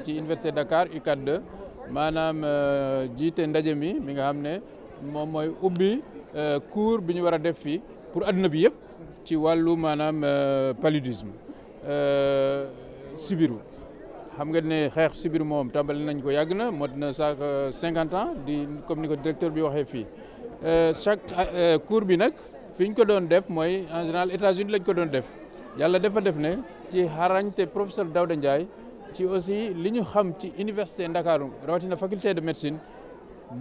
ci université Dakar UCAD 2 maanaam euh, jiite ndaje mi mi nga xam ne moom mooy ubbi euh, cours bi ñu war a def fii pour adduna bi yëpp ci wàllu maanaam euh, paludisme sibiru xam nga ne xeex sibiru moom tàmbali nañ ko yàgg na mot na sax cinquante ans di comme ni ko directeur bi waxee fii chaque cours bi nag fi ñu ko doon def mooy en général États-Unis lañ ko doon def yàlla defa def ne ci xarañte professeur Daouda Ndiaye ci aussi li ñu xam ci université Ndakaaru rawatina faculté de médecine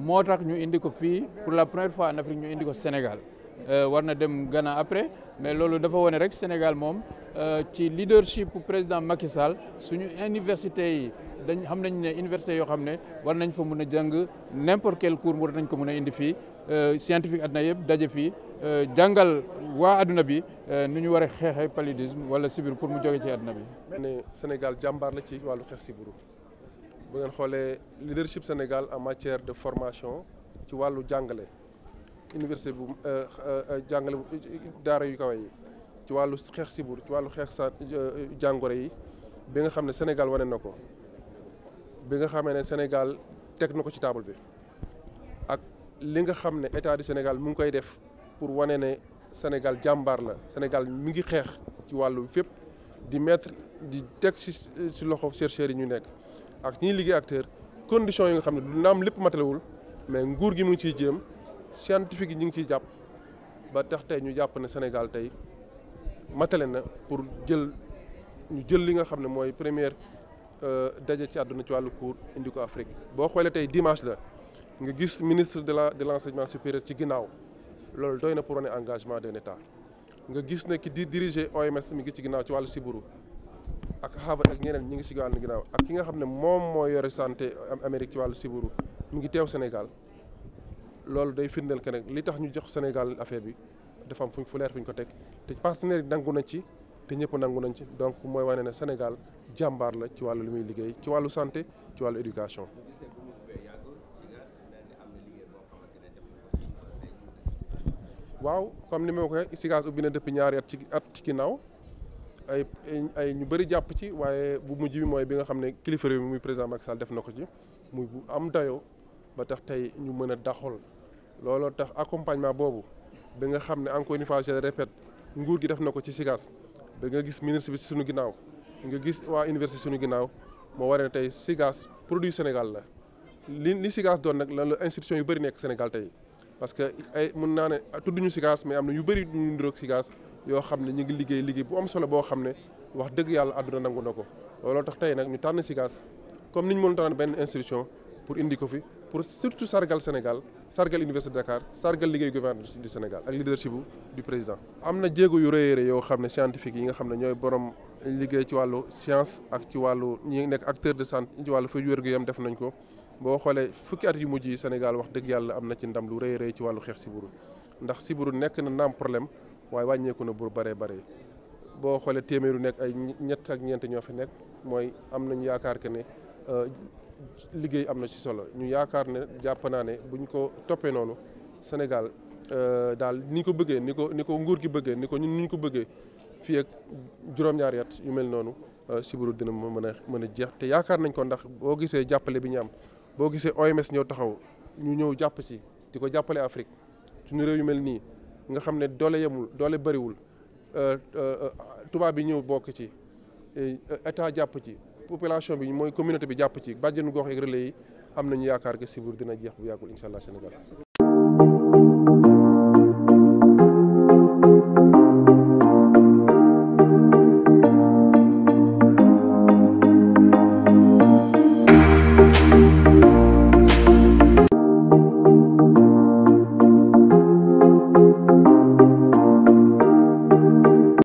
moo tax ñu indi ko fii pour la première fois en Afrique ñu indi ko Sénégal Euh, war na dem Ghana après mais loolu dafa wone rek Sénégal moom euh, ci leadership président Macky Sall suñu université yi dañ xam nañ ne université yoo xam ne war nañ fa mun a jàng n'importe quel cours war nañ ko mun a indi fii euh, scientifique àdduna yëpp daje fii jàngal waa àdduna bi nu ñu war xeexee paludisme wala sibiru pour mu joge ci àdduna bi. Sénégal jàmbaar la ci wàllu xeex sibiru bu ngeen xoolee leadership Sénégal en matière de formation ci wàllu jàngale. université bu euh, euh, euh, jàngale daara yu kawe yi ci wàllu xeex sibur ci wàllu xeex sa jàngoro yi bi nga xam ne Sénégal wane na ko bi nga xamee ne Sénégal teg na ko ci table bi ak li nga xam ne état du Sénégal mu ngi koy def pour wane ne Sénégal jàmbaar la Sénégal mi ngi xeex ci wàllu fépp di mettre di teg ci si loxo chercher yi ñu nekk ak ñiy liggéey acteur conditions yi nga xam ne du naam lépp matalewul mais nguur gi mu ngi ciy jéem. scientifique yi ñu ngi ciy jàpp ba tax tey ñu jàpp ne Sénégal tey matale na pour jël ñu jël li nga xam ne mooy première euh, daje ci àdduna ci wàllu cours indi ko Afrique boo xoolee tey dimanche la nga gis ministre de la de l'enseignement supérieur ci ginnaaw loolu doy na pour wane engagement d'un État nga gis ne ki di diriger OMS mi ngi ci ginnaaw ci wàllu siburu ak Harvard ak ñeneen ñi ngi ci wàllu ginnaaw ak ki nga xam ne moom moo yore santé Amérique ci wàllu siburu mi ngi teew Sénégal loolu day firndeel que li tax ñu jox Sénégal affaire bi dafa am fuñ fu leer fuñ ko teg te partenaires yi nangu nañ ci te ñëpp nangu nañ ci donc mooy wane ne Sénégal jàmbaar la ci wàllu lu muy liggéey ci wàllu santé ci wàllu éducation. waaw comme ni ma ko waxee SIGAS ubbi na depuis ñaari at ci at ci ginnaaw ay ay ñu bari jàpp ci waaye bu mujj bi mooy bi nga xam ne kilifa réew mi muy président Macky Sall def na ko ci mu bu am dayoo. ba tax tey ñu mën a daxol looloo tax accompagnement boobu bi nga xam ne encore une fois je le répète nguur gi def na ko ci SICAS da nga gis ministre bi si suñu ginnaaw nga gis waa université suñu ginnaaw moo waree tey SICAS produit Sénégal la li li SICAS doon nag lan la institution yu bëri nekk Sénégal tey parce que ay naa ne tudd ñu SICAS mais am na yu bëri ñu nduroog SICAS yoo xam ne ñu ngi liggéey liggéey bu am solo boo xam ne wax dëgg yàlla àdduna nangu na ko looloo tax tey nag ñu tànn SICAS comme ni ñu mën tànn benn institution pour indi ko fi pour surtout sargal Sénégal sargal Université de Dakar sargal liggéey gouvernance du Sénégal ak leadership du président. am na jéego yu rëy rëy yoo xam ne scientifique yi nga xam ne ñooy borom liggéey ci wàllu science ak ci wàllu ñi nekk acteur de santé ci wàllu fay wér gu def nañ ko boo xoolee fukki at yu mujj yi Sénégal wax dëgg yàlla am na ci ndam lu rëy rëy ci wàllu xeex siburu ndax siburu nekk na naam problème waaye wàññeeku na bu bëree bëree boo xoolee téeméeru nekk ay ñett ak ñeent ñoo fi nekk mooy am nañu yaakaar que ne. Euh, liggéey am na ci solo ñu yaakaar ne jàpp naa ne bu buñ ko toppee noonu Sénégal euh, daal ni ko bëggee ni ko ni ko nguur gi bëggee ni ko ñun ni ñu ko bëggee fii ak juróom-ñaari at yu mel noonu euh, sibiru dina mën a mën a jeex te yaakaar nañ ko ndax boo gisee jàppale bi ñu am boo gisee OMS ñëw taxaw ñu ñëw jàpp si di ko jàppale Afrique suñu réew yu mel nii nga xam ne doole yemul doole bëriwul euh, tubaab yi ñëw bokk ci état jàpp ci. population bi mooy communauté bi jàpp ci bàjjenu gox yeeg relais yi am nañu yaakaar que Sibour dina jeex bu yàggul incha allah Sénégal.